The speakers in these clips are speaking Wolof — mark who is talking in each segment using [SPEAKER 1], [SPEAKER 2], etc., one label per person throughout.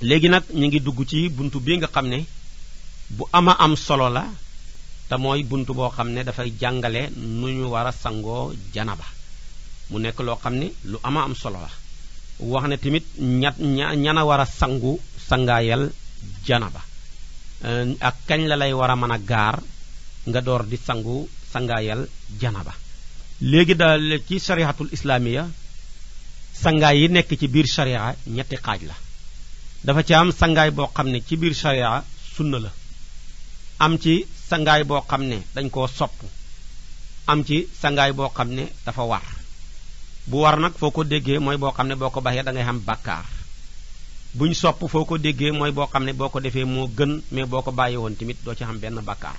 [SPEAKER 1] léegi nak ñi ngi dugg ci buntu bi nga bu ama am solo la ta moy buntu bo xam ne fay jangalé nu ñu janaba mu nek lo lu ama am solo la wax ne tamit ña ñana wara sangu sangayel janaba eh, ak kañ la lay wara mëna gar nga dor di sangu sanggael janaba Legi dal ci shariatul islamiyya sangaay yi nek ci bir sharia ñetti xaj la dafa ci am sangay bo xamne ci bir sharia sunna la am ci sangay bo xamne dañ ko sopp am ci sangay bo xamne dafa war bu war nak foko ko moy bo xamne boko baxé da ngay xam bakkar buñ sopp foko ko moy bo xamne boko défé mo gën mais boko bayé won timit do ci xam ben bakkar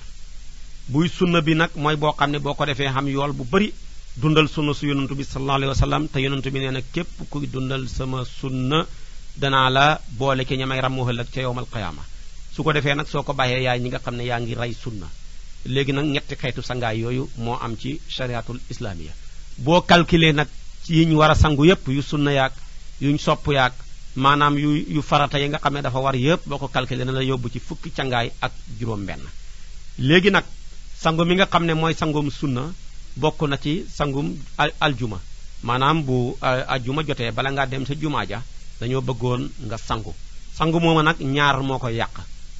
[SPEAKER 1] buy sunna bi nak moy bo xamne boko défé xam yool bu bari dundal sunna su yonantu bi sallallahu alayhi wasallam sallam te yonantu bi neena na képp kuy dundal sama sunna dana la boole ci ñamay rammu ëllëg ci yowmal qiyaama su ko defee nag soo ko bàyyee yaay ñi nga xam ne yaa ngi rey sunna léegi nag ñetti xeetu sangaay yooyu moo am ci shariatul islamiya boo calculer nag ci yi ñu war a sangu yépp yu sunna yaag yuñ sopp yaag maanaam yu yu farata yi nga xam ne dafa war yépp boo ko calculer na la yóbbu ci fukki cangaay ak juróom benn léegi nag sangu mi nga xam ne mooy sangum sunna bokk na ci sangum aljuma maanaam bu aljuma jotee bala nga dem sa jumaa dañoo bëggoon nga sangu sangu mooma nag ñaar moo ko yàq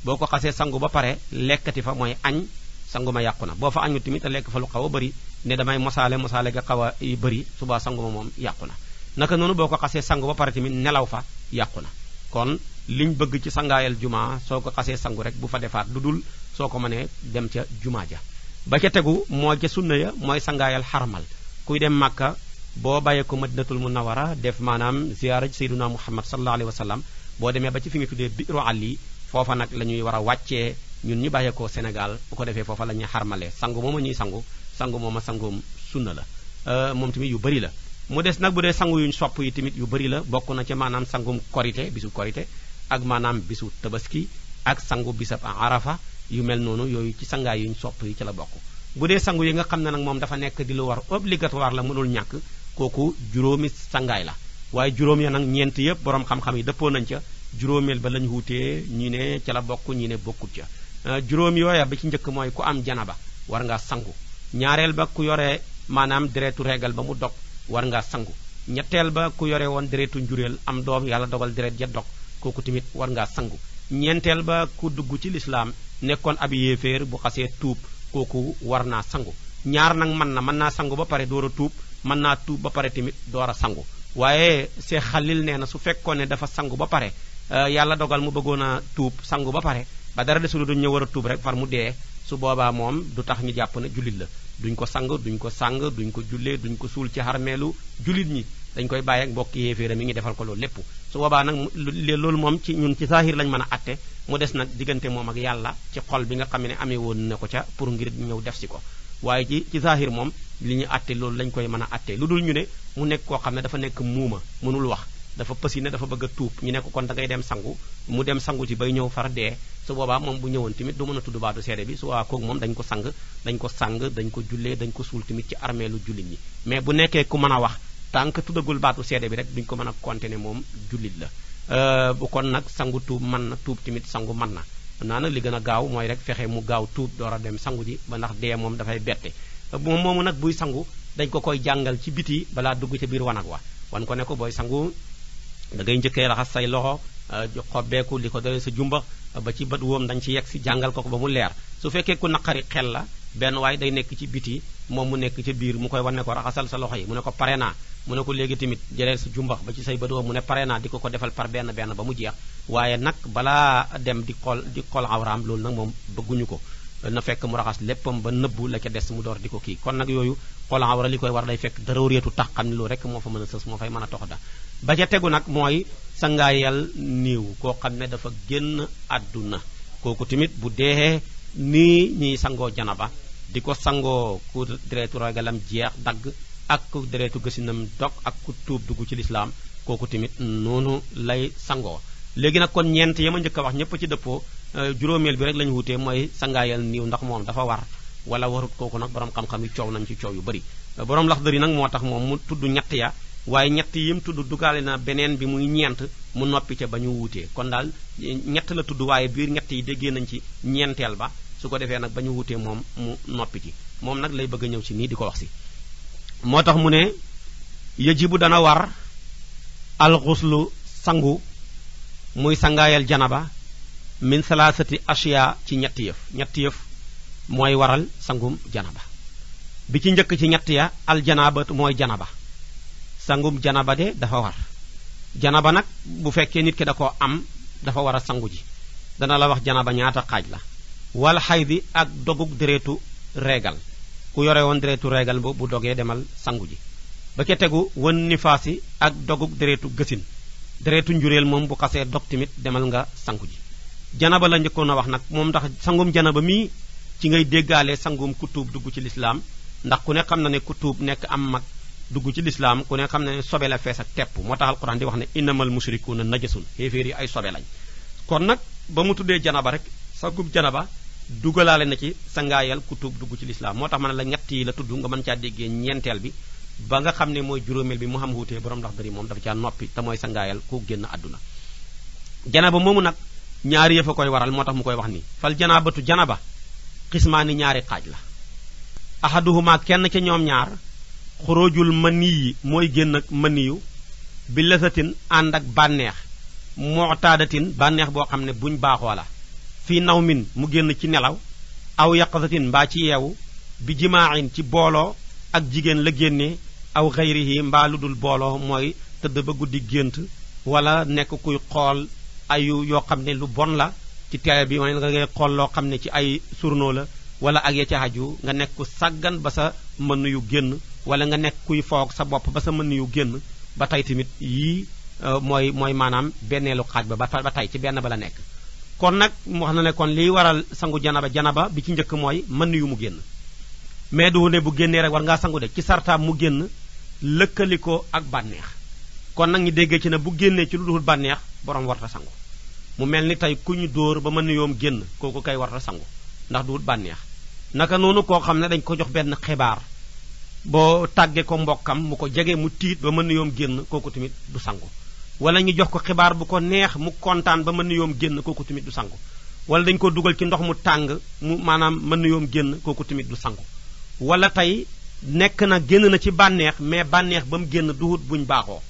[SPEAKER 1] boo ko xasee sangu ba pare lekkati fa mooy añ sangu ma yàqu na boo fa añu tamit te lekk fa lu xaw a bëri ne damay mosaale mosaale ga xaw a bëri suba sangu ma moom yàqu na naka noonu boo ko xasee sangu ba pare Timi nelaw fa yàqu kon liñ bëgg ci sangaayal juma soo ko xasee sangu rek bu fa defaat dudul dul soo ko dem ca juma ja ba ca tegu moo ca sunna ya mooy sangaayal xarmal kuy dem màkka bo bàyyeeko madinatul munawara def manam ziyaara sayyiduna muhammad sallallahu alaihi wasallam. bo demi ba ci fi ñu tuddee biiru àlli foofa nag la ñuy war a wàccee ñun ñu Sanggomo sénégal bu ko defé fofa lañuy xarmalé sangu moma ñuy sangu sangu moma sangoom sunna la euh, mom timi yu bari la mu dess nag bu dé sangu yuñ sopp yi timit yu bari la bokku na ci manam sangum korité bisu korité ak manam bisu tabaski ak sangu bisab arafa yu mel nonu yoyu ci sangaay yuñ sopp yi ci la bokku bu dé sangu yi nga xam nak mom dafa nek di lu war obligatoire la mënul ñak koku juróomi sangay la waye juróom ya nak ñent yeb borom xam-xam yi nyine nañ ca juróomeel ba lañ wuutee ñi né ci la bokku ñi né bokku ca euh, ba ci ñëk moy ku am janaba war nga sangu ñaarel ba ku yoré manam deretu regal ba mu dog war nga sangu ñettel ba ku yoré won deretu njurel am doom yalla dogal deret ja dog koku timit war nga sangu ñentel ba ku dugg ci l'islam nekkon ab yéfer bu xasse tuub koku warna sangu ñaar nak man na man na sangu ba pare dooro tup mën naa tuub ba pare tamit door a sangu waaye Cheikh Khalil nee na su fekkoon ne dafa sangu ba pare euh, yàlla dogal mu bëggoon a tuub sangu ba pare ba dara desulu duñ ñëw war a tuub rek far mu dee su boobaa moom du tax ñu jàpp na jullit la duñ ko sang duñ ko sang duñ ko jullee duñ ko suul ci xarmeelu jullit ñi dañ koy bàyyi ak mbokki yéeféeram yi ñu defal ko loolu lépp su boobaa nag loolu moom ci ñun ci saahir lañ mën a atte mu des nag diggante moom ak yàlla ci xol bi nga xam ne amee woon na ko ca pour ngir ñëw def si ko waaye ci ci zahir moom li ñu àtte loolu lañ koy mën a àtte lu dul ñu ne mu nekk koo xam ne dafa nekk muuma mënul wax dafa ne dafa bëgg a tuub ñu nekk kon da ngay dem sangu mu dem sangu ci bay ñëw far dee su boobaa moom bu ñëwoon tamit du mën a tudd baatu seede bi su boobaa kooku moom dañ ko sang dañ ko sang dañ ko jullee dañ ko suul tamit ci armeelu lu jullit ñi mais bu nekkee ku mën a wax tant que tuddagul baatu seede bi rek duñ ko mën a continuer moom jullit la euh, bu kon nag sangu tuub mën na tuub tamit sangu mën na naa nag li gën a gaaw mooy rek fexe mu gaaw tuub door a dem sangu ji ba ndax dee moom dafay bette moom moomu nag buy sangu dañ ko koy jàngal ci biti balaa dugg ca biir wanag wa wan ko ne ko booy sangu da njëkkee raxas say loxo euh, xobbeeku li ko dolee sa jumba ba ci bët woom dañ ci yegg si jàngal ko ko ba mu leer su fekkee ku naqari xel la ben way day nek ci biti mom mu nek ci bir mu koy wone ne ko raxasal sa loxoy mu ne ko parena mu ne ko legi timit jëleel sa jumbax ba ci say bëdoo mu ne parena diko ko defal par ben ben ba mu jeex waye nak bala dem di xol di xol awram lol nak mom ko na fekk mu raxas leppam ba nëbbu la ca dess mu dor diko ki kon nak yoyu xol awra likoy war day fekk dara takkan tax rek mo fa meuna a mo fay meuna toxda ba ca teggu nak moy sangaayal néew koo xam dafa genn aduna koku timit bu dehe ni ñi sango janaba di ko sangoo ku deretu ragalam jeex dagg ak ku deretu gësinam dog ak ku tuub dugg ci lislaam kooku tamit noonu lay sangoo léegi nag kon ñeent ya ma njëkk a wax ñëpp ci dëppoo euh, juróomeel bi rek la ñu wutee mooy sangaayal niiw ndax moom dafa war wala warut kooku nag borom xam-xam yi coow nañ ci coow yu bëri borom Laxdari nag moo tax moom mu tudd ñett ya waaye ñett yi mu tudd dugaale na beneen bi muy ñeent mu noppi ca ba ñu wuutee kon daal ñett la tudd waaye biir ñett yi déggee nañ ci ñeenteel ba su ko defee nag ba ñu wutee moom mu noppi ci moom nag lay bëgg ñëw ci nii di ko wax si moo tax mu ne yajibu dana war alxuslu sangu muy sangaayal janaba min salaasati ashiya ci ñetti yëf ñetti yëf mooy waral sangum janaba bi ci njëkk ci ñett ya al janabat mooy janaba sangum janaba de dafa war janaba nak bu fekkee nit ki da ko am dafa war a sangu ji dana la wax janaba ñaata xaaj la wal haydi ak doguk deretu regal ku yore won deretu regal bo bu doge demal sangu ji ba ke tegu won nifasi ak doguk deretu gesin deretu njurel mom bu xasse dog timit demal nga sangu ji janaba la njëkkoon a wax nak mom tax sangum janaba mi ci ngay déggaale sangum kutub ci l'islam ndax ku ne xam na ne kutub nek am mak dugg ci l'islam ku ne xam na ne sobe la fess ak tepp moo tax alquran di wax ne innamal mushrikuuna najasun heferi ay sobe lañ kon nak ba mu tuddé janaba rek sangum janaba dugalale na ci sangayal ku tuub dugg ci l'islam motax man la ñett yi la tuddu nga man caa déggee ñentel bi ba nga xam moy mooy bi mu xam wuté borom ndax dari mom dafa caa nopi ta moy sangayal ku genn aduna. janaba momu nak ñaari yefa koy waral motax mu koy wax ni fal janabatu janaba qismani ñaari xaaj la ahaduhuma kenn ci ñom ñaar khurujul mani moy genn ak maniyu bi andak banex mu'tadatin banex bo xamne buñ la fii min mu génn ci nelaw aw yaqasatin mbaa ci yeewu bi jimaaxin ci booloo ak jigéen la génne aw yi mbaa lu dul booloo mooy tëdd ba guddi gént wala nekk kuy xool ayu yoo xam ne lu bon la ci télé bi mooy nga xool loo xam ne ci ay surnoo la wala ak ya ca aju nga nekk ku sàggan ba sa mën yu génn wala nga nekk kuy foog sa bopp ba sa mën yu génn ba tey tamit yii euh, mooy mooy maanaam benneelu xaaj ba ba tey ci benn ba la nekk kon nak mu wax na ne kon liy waral sangu janaba janaba bi ci njëkk mooy mën yu mu génn mais du ne bu génnee rek war ngaa sangu de ci sarta mu génn lëkkalikoo ak bànneex kon nak ñi déggee ci ne bu génnee ci lu dul bànneex borom warta sangu mu mel ni tey ku ñu dóor ba mën yoom génn kooku kay warta sangu ndax duwut bànneex naka noonu koo xam ne dañ ko jox benn xibaar boo tàgge ko mbokkam mu ko jege mu tiit ba mën yoom génn kooku tamit du sangu wala ñu jox ko xibaar bu ko neex mu kontaan ba mën na yoom génn kooku tamit du sangu wala dañ ko dugal ci ndox mu tàng mu maanaam mën na yoom génn kooku tamit du sangu wala tey nekk na génn na ci bànneex mais bànneex ba mu génn duhut buñ baaxoo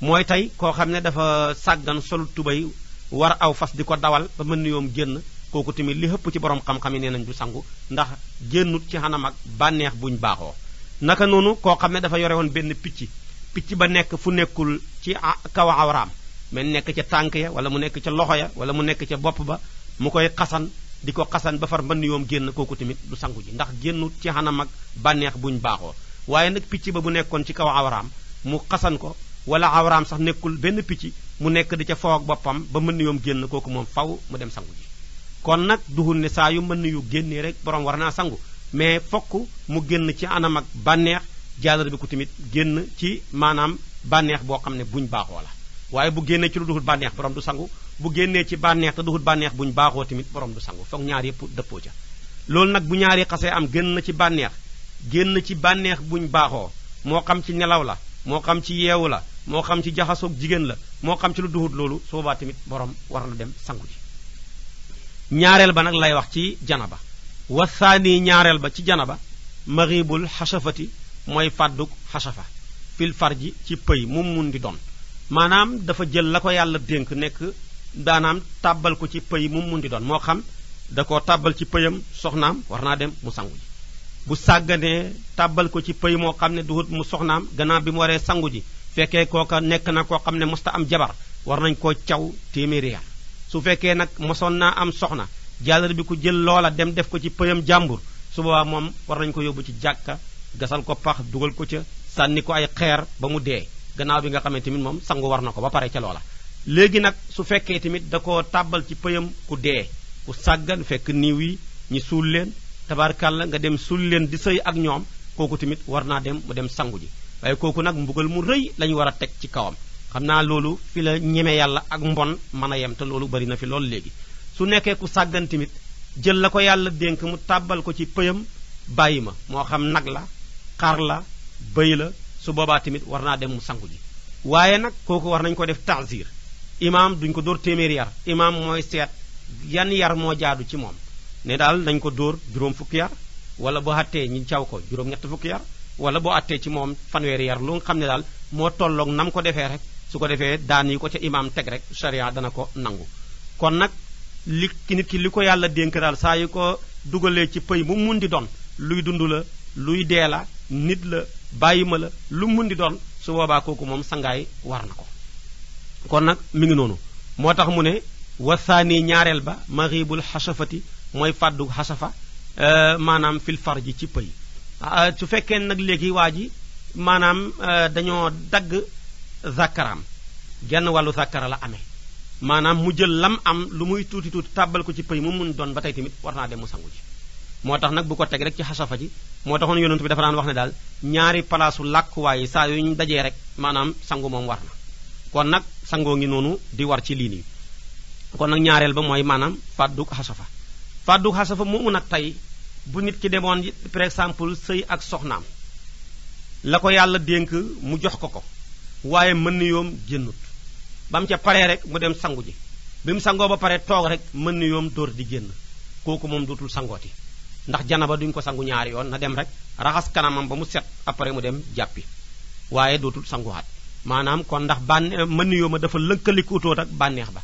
[SPEAKER 1] mooy tey koo xam ne dafa sàggan sol tubéy war aw fas di ko dawal ba mën na yoom génn kooku tamit li xëpp ci borom xam-xam yi nee nañ du sangu ndax génnut ci xanam ak bànneex buñ baaxoo naka noonu koo xam ne dafa yore woon benn picc picc ba nekk fu nekkul ci kaw awram men nek ci tank ya wala mu nek ci loxo ya wala mu nek ci bop ba mu koy xassan di xassan ba far mën yom genn koku timit du sangu ji ndax gennu ci xanam ak banex buñ baxo waye nak picci ba bu nekkon ci kaw awram mu xassan ko wala awram sax nekul ben picci mu nek di ca foog bopam ba man yom genn koku mom faw mu dem sangu ji kon nak duhul ne sa yu man yu genné rek borom warna sangu mais fokk mu genn ci anam ak banex jaalar bi ko timit genn ci manam banex bo xamne ne buñ baxo la waye bu génné ci lu banex borom du sangu bu génné ci banex te duhul banex buñ baxo timit borom du sangu fokk ñaar yépp deppo ja lool nak bu ñaari xasse am génn na ci banex génn ci banex buñ baxo mo xam ci nelaw la mo xam ci yewu la mo xam ci jaxasoog jigen la mo xam ci lu lolu soba timit borom war na dem sangu Nyarel ñaarel ba nak lay wax ci janaba Wasani ñaarel ba ci janaba maghibul hashafati moy fàdduk xasafa fil farji ci pey mu mun di doon dafa jël lako yalla denk nek danam tabal ko ci pey mu mun di doon moo xam da ko tabal ci peyam soxnam warna dem mu sangu ji bu sagane tabal ko ci pey mo xamne ne duhut mu soxnam gana bi mo re sangu ji fekke koka nek na ko xamne ne am jabar war nañ koo caw temeria. so su fekke nak mosoon am soxna jàllar bi ku jël lola dem def ko ci peyam jambur su boobaa mom war ko yobu ci jakka gasal ko pax dugal ko ci sànni ko ay xeer ba mu dee gannaaw bi nga xamee tamit moom sangu war na ko ba pare ca loola léegi nag su fekkee tamit da ko tàbbal ci pëyam ku dee ku sàggan fekk niiw yi ñu suul leen tabarkàlla nga dem suul leen di sëy ak ñoom kooku tamit war naa dem mu dem sangu ji waaye kooku nag mbugal mu rëy lañu war a teg ci kawam xam naa loolu fi la ñeme yàlla ak mbon mën a yem te loolu bari na fi loolu léegi su nekkee ku sàggan tamit jël la ko yàlla dénk mu tàbbal ko ci pëyam bàyyi ma moo xam nag la xar la bëy la su boobaa tamit war naa dem mu sangu ji waaye nag kooku war nañ ko def taasir imaam duñ ko dóor téeméeri yar imaam mooy seet yan yar moo jaadu ci moom ne daal nañ ko dóor juróom fukki yar wala boo àttee ñu caw ko juróom ñett fukki wala boo àttee ci moom fanweeri yar lu xam ne daal moo tollook nam ko defee rek su ko defee daan yi ko ca imaam teg rek sharia dana ko nangu kon nag li nit ki li ko yàlla dénk daal saa yu ko dugalee ci pëy bu mun di doon luy dund la luy dee la nit la bàyyi ma la lu mun di doon su boobaa kooku moom sangaay war na ko kon nag mu ngi noonu moo tax mu ne wasaani ñaareel ba maribul xasafati mooy fàddu xasafa euh, maanaam fil ji ci pëy ah, ah, su fekkee nag léegi waa ji maanaam euh, dañoo dagg zakaraam genn wàllu zakara la amee maanaam mu jël lam am lu muy tuuti tuuti tàbbal ko ci pëy mu mun doon ba tey tamit war naa dem mu sangu ji motax nak bu ko tek rek ci hasafa ji moo taxoon yonent bi dafa daan wax ne dal ñaari palaasu làkkuwaay way sa yu ñu dajé rek manam sangu mom warna kon nak sango ngi nonu di war ci lini kon nak ñaarel ba manam faddu hasafa faddu hasafa mo mu nak tay bu nit ki demoon par exemple sey ak soxnam la ko yàlla mu jox ko ko waye man ni yom ba bam ci paree rek mu dem sangu ji bim sango ba paré tok rek ni yom dor di genn koku mom dutul sangoti ndax jana ba duñ ko sangu ñaari yoon na dem rek raxas kanamam ba mu set après mu dem jàppi waaye dootul sanguwaat maanaam kon ndax bànne mën niyoo ma dafa lënkalikuutoot ak bànneex ba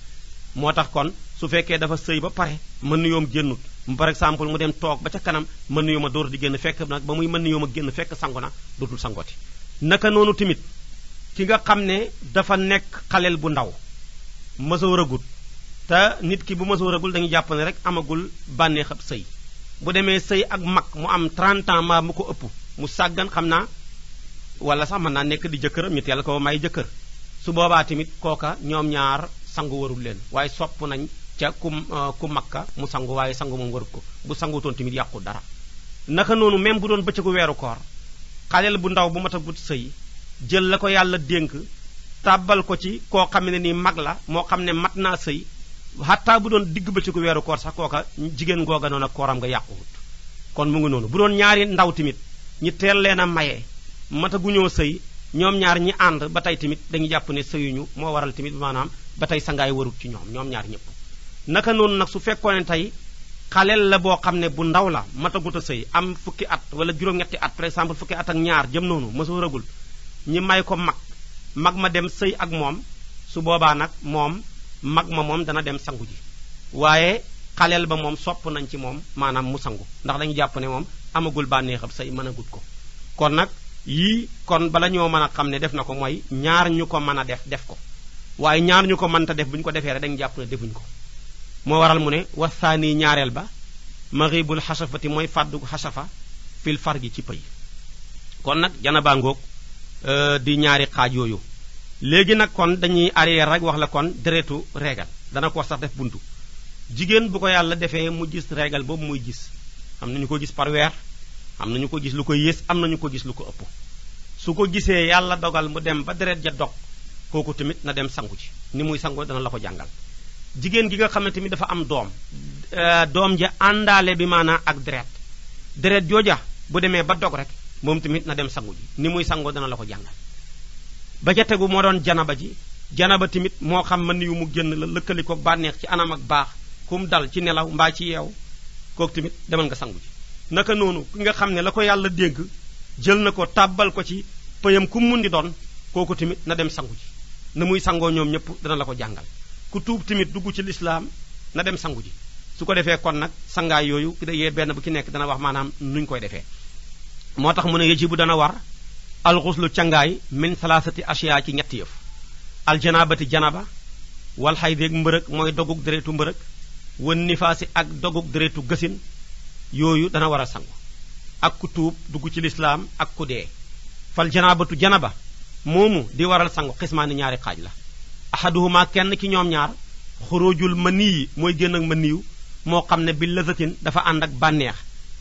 [SPEAKER 1] moo tax kon su fekkee dafa sëy ba pare mën niyoom génnut par exemple mu dem toog ba ca kanam mën niyoo ma door di génn fekk nag ba muy mën niyoo ma génn fekk sangu na dootul sangooti naka noonu tamit ki nga xam ne dafa nekk xaleel bu ndaw mësoo rëgut te nit ki bu mësoo rëgul dañuy jàpp rek amagul bànneex ab sëy bu demee sëy ak mag mu am 30 ans mu ko ëpp mu sàggan xam na wala sax mën naa nekk di jëkkëram ñu teel ko may jëkkër su boobaa tamit kooka ñoom ñaar sangu warul leen waaye sopp nañ ca ku euh, ku mag ka mu sangu waaye sangu moom warut ko bu sangutoon tamit yàqu dara naka noonu même bu doon bëccëgu weeru koor xaleel bu ndaw bu mat a gut sëy jël la ko yàlla dénk tàbbal ko ci koo xam ne nii mag la moo xam ne mat naa sëy xattaa bu doon digg bëccëgu weeru koor sax kooka jigéen googa noonu ak kooram nga yàquwut kon mu ngi noonu bu doon ñaari ndaw tamit ñi teel leen a maye mataguñoo sëy ñoom ñaar ñi ànd ba tey tamit dañu jàpp ne sëyuñu moo waral tamit maanaam ba tey sangaay warut ci ñoom ñoom ñaar ñëpp naka noonu nag su fekkoon ne tey xaleel la boo xam ne bu ndaw la matagut a sëy am fukki at wala juróom-ñetti at par exemple fukki at ak ñaar jëm noonu mësooragul ñi may ko mag mag ma dem sëy ak moom su boobaa nag moom mag ma moom dana dem sangu ji waaye xaleel ba moom sopp nañ ci moom maanaam mu sangu ndax dañu jàpp ne moom amagul bànneexam say mën a ko kon nag yii kon bala ñoo mën a xam ne def na ko mooy ñaar ñu ko mën a def def ko waaye ñaar ñu ko mënta def bu ñu ko defee rek dañu jàpp ne defuñ ko moo waral mu ne wax wasaani ñaareel ba maribul xasafati mooy fàdd fàddu xasafa fil far gi ci pëy kon nag jana baa ngoog euh, di ñaari xaaj yooyu legi nak kon dañuy arrière rek wax la kon deretu regal dana ko sax def buntu jigen bu ko yalla defé mu gis regal bobu muy gis am nañu ko gis par wer am nañu ko gis lu ko am nañu ko gis lu ko upp su ko gisé yalla dogal mu dem ba deret ja dog koku timit na dem sangu ci ni muy sangu dana la ko Jigen jigen gi nga dafa am dom euh, dom ja àndaale bi mana ak deret deret jojja bu démé ba dog rek mom timit na dem sangu ni muy sangu dana la ko jangal ba ca tegu moo doon janaba ji janaba tamit moo xam mën yu mu génn la lëkkali ko bànneex ci anam ak baax ku dal ci nelaw mbaa ci yeew kooku tamit demal nga sangu naka noonu ki nga xam ne la ko yàlla dégg jël na ko tàbbal ko ci pëyam ku mun di doon kooku tamit na dem sanguji ji na muy sangoo ñoom ñëpp dana la ko jàngal ku tuub tamit dugg ci lislaam na dem sangu ji su ko defee kon nag sangaay yooyu ki da yee benn bu ki nekk dana wax maanaam nuñ koy defee moo tax mu ne yajibu dana war alxuslu càngaay min salaasati asiya ci ñetti yëf aljanaabati janaba wal xaydeeg mbërëg mooy dogug deretu mbërëg wan nifaasi ak dogug deretu gasin yooyu dana war a sangu ak ku tuub dugg ci lislaam ak ku dee fal janaabatu janaba moomu di waral sangu xismaani ñaari xaaj la ahaduhuma kenn ci ñoom ñaar xurujul mani yi mooy génn ak maniyu moo xam ne bi lazatin dafa ànd ak bànneex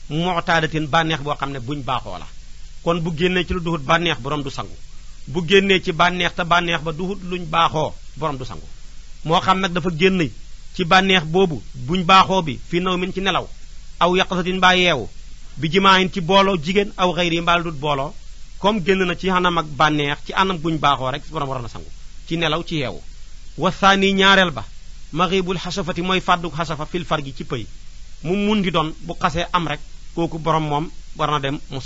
[SPEAKER 1] moo mootaadatin bànneex boo xam ne buñ baaxoo la kon bu génné ci lu duhut bànneex borom du sangu bu génné ci bànneex ta bànneex ba duhut luñ baxo borom du sangu mo xam nak dafa génné ci bànneex bobu buñ baxo bi fi naw min ci nelaw aw yaqasatin ba yeewu bi jimaayin ci bolo jigen aw xayri mbal dut bolo kom génné na ci hanam ak bànneex ci anam buñ baxo rek borom warana sangu ci nelaw ci yeewu wasaani ñaarel ba maghibul hasafati moy fàdduk hasafa fil fargi ci pey mu mundi don bu xasse am rek koku borom mom dem mu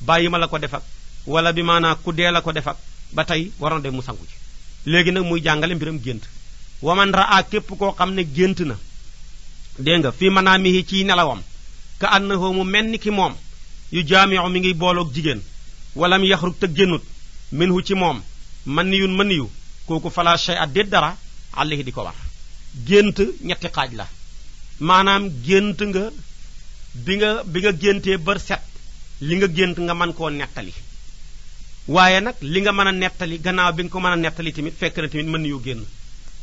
[SPEAKER 1] bàyyi ma la ko def ak wala bi maanaa ku dee la ko def ak ba tey waroon def mu sangu léegi nag muy jàngale mbiram gént waman raa képp koo xam ne gént na dégg nga fi mi manaamihi ciy nelawam ka annahu mu mel ni ki moom yu jaamiu mi ngi booloog jigéen walam yaxrug te génnut minhu ci moom man niyun man niyu kooku fala shay at déet dara àllihi di ko war gént ñetti xaaj la maanaam gént nga bi nga bi nga géntee bër set li nga gént nga man koo nettali waaye nag li nga mën a nettali gannaaw bi nga ko mën a nettali tamit fekk na tamit mën yu génn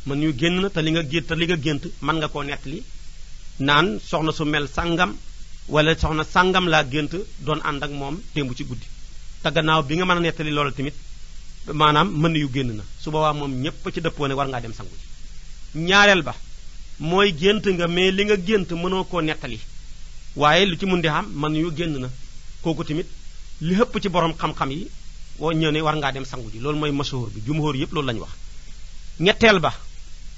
[SPEAKER 1] mën yu génn na te li nga gént te li nga gént man nga koo nettali naan soxna su mel sangam wala soxna sangam laa gént doon ànd ak mom démb ci guddi te gannaaw bi nga mën a nettali loolu tamit maanaam mën yu génn na su boobaa moom ñépp ci dëppoo war ngaa dem sangu ji ba mooy gént nga mais li nga gént mënoo koo nettali waaye lu ci mun di xam mën yu génn Kokutimit, timit li hepp ci borom xam-xam yi wo ñëw ne war nga dem sangu ji lool moy bi jumhur yep lool lañ wax ñettel ba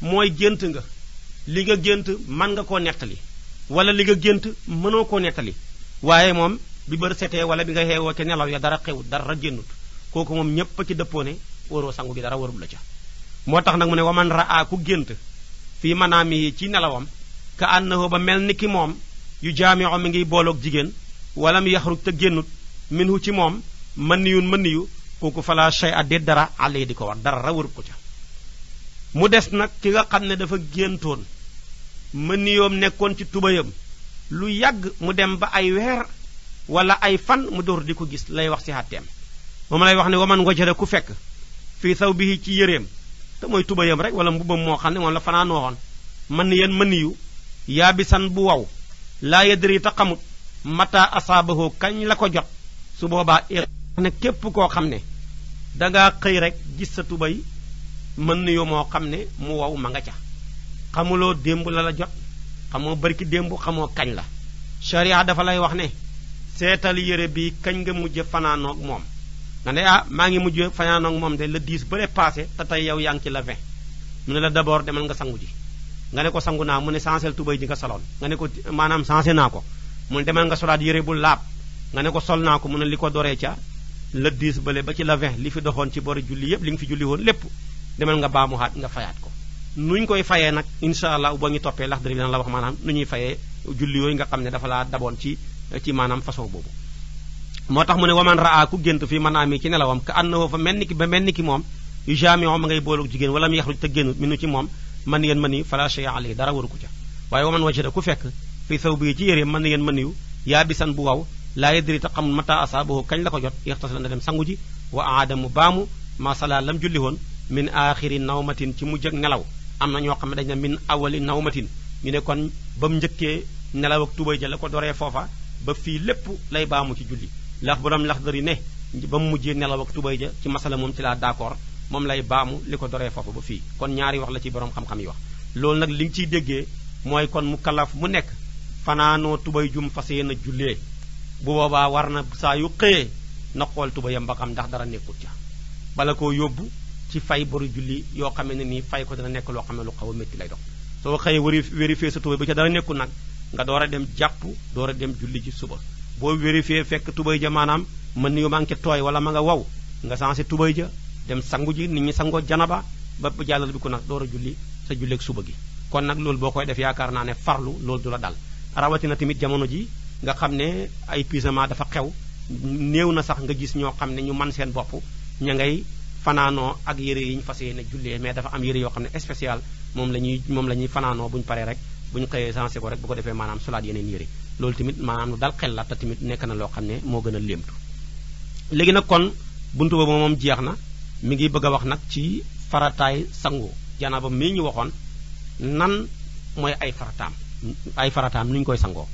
[SPEAKER 1] moy gënt nga li nga gënt man nga ko netali wala li nga gënt mëno ko netali waye mom bi bër sété wala bi nga xeewoo ke nelaw ya dara xewut dara gënut koku mom ñepp ci dëppoone waroo sangu bi dara warul la ca motax nak mu raa ku gënt fi manami ci nelawam ka annahu ba mel ki mom yu jami'u mi ngi bolok jigen walam yaxruj te génnut minhu ci moom mën niyun mën niyu kooku fala shay a déet dara àll di ko war dara warut ko ca mu des nag ki nga xam ne dafa géntoon mën niyoom nekkoon ci tubéyam lu yàgg mu dem ba ay weer walla ay fan mu door di ko gis lay wax si xàtteem moom lay wax ne waman wajada ku fekk fii saw bi ci yëreem te mooy tubéyam rek wala mbubam moo xam ne moom la fanaa nooxoon mën ni yéen mën niyu yaa san bu waw laa yadri mata asaabahu kañ la ko jot su boobaa ne képp koo xam ne dangaa xëy rek gis sa tubay mën na yoo moo xam ne mu wow ma nga ca xamuloo démb la la jot xamoo barki démb xamoo kañ la sharia dafa lay wax ne seetal yére bii kañ nga mujj fanaanoog moom nga ne ah maa ngi mujj fanaanoog moom de le 10 ba le passé te tey yow yaa ci la 20 mu ne la d'abord demal nga sangu ji nga ne ko sangu naa mu ne sansel tubay ji nga soloon nga ne ko maanaam sansé naa ko mun demal nga solaat yére bu laab nga ne ko sol naa ko mu ne li ko doree ca le 10 bële ba ci la 20 li fi doxoon ci bori julli yépp li fi julli woon lépp demal nga nga fayaat ko nuñ koy fayee nag insha allah ba ñu toppee lax dëri la wax maanaam nu ñuy fayee julli yooyu nga xam ne dafa laa daboon ci ci maanaam façon boobu moo tax waman raa ku gént fi man ami ci nelawam ka annahu fa mel ki ba mel ki moom yu jaamiu ma ngay jigéen wala mu te génnut minu ci moom man mani fala shay alayhi dara waru ko ca waaye waman wajada ku fekk fi saw bii ci yére mën na ngeen mën niyu yaa bisan bu waw laa yadri te xamul mata asaabahu kañ la ko jot ixtas la na dem sangu ji wa aadamu baamu masala lam julli woon min aaxiri nawmatin ci mu ak nelaw am na ñoo xam ne dañ ne min awali nawmatin ñu ne kon ba mu njëkkee nelaw ak tubay ja la ko doree foofa ba fii lépp lay baamu ci julli lax borom lax dari ne ba mu mujjee nelaw ak tubay ja ci masala moom ci laa d'accord moom lay baamu li ko doree foofa ba fii kon ñaari wax la ci borom xam-xam yi wax loolu nag li nga ciy déggee mooy kon mu mu nekk fanano tubay jum fas julle bu boobaa warna na yu xé na xol tubay ba xam ndax dara nekkut ci bala koo ci fay boru julli yo xamee ne fay ko dana nek lo xam lu xaw metti lay dox so xey wéri sa tubay ba ca dara nekkul nak nga doora dem japp doora dem julli ci suba bo vérifié fek tubay ja manam man ni yu manqué toy wala ma nga waw nga sensé tubay ja dem sangu ji nit ñi sango janaba ba jallal bi ko nak doora julli sa ak suba gi kon nak lool bokoy def ne farlu lool dula dal rawatina tamit jamono ji nga xam ne ay puisements dafa xew néew na sax nga gis ñoo xam ne ñu man seen bopp ña ngay fanaanoo ak yére yi ñu fas yéene jullee mais dafa am yére yoo xam ne spécial moom la ñuy moom la ñuy fanaanoo bu ñu paree rek bu ñu xëyee sensé ko rek bu ko defee maanaam solaat yeneen yére loolu tamit maanaam dal xel la te tamit nekk na loo xam ne moo gën a léemtu léegi nag kon buntu boobu moom jeex na mi ngi bëgg a wax nag ci farataay sangu janaaba mii ñu waxoon nan mooy ay farataam ay farataam nu ñu koy sangoo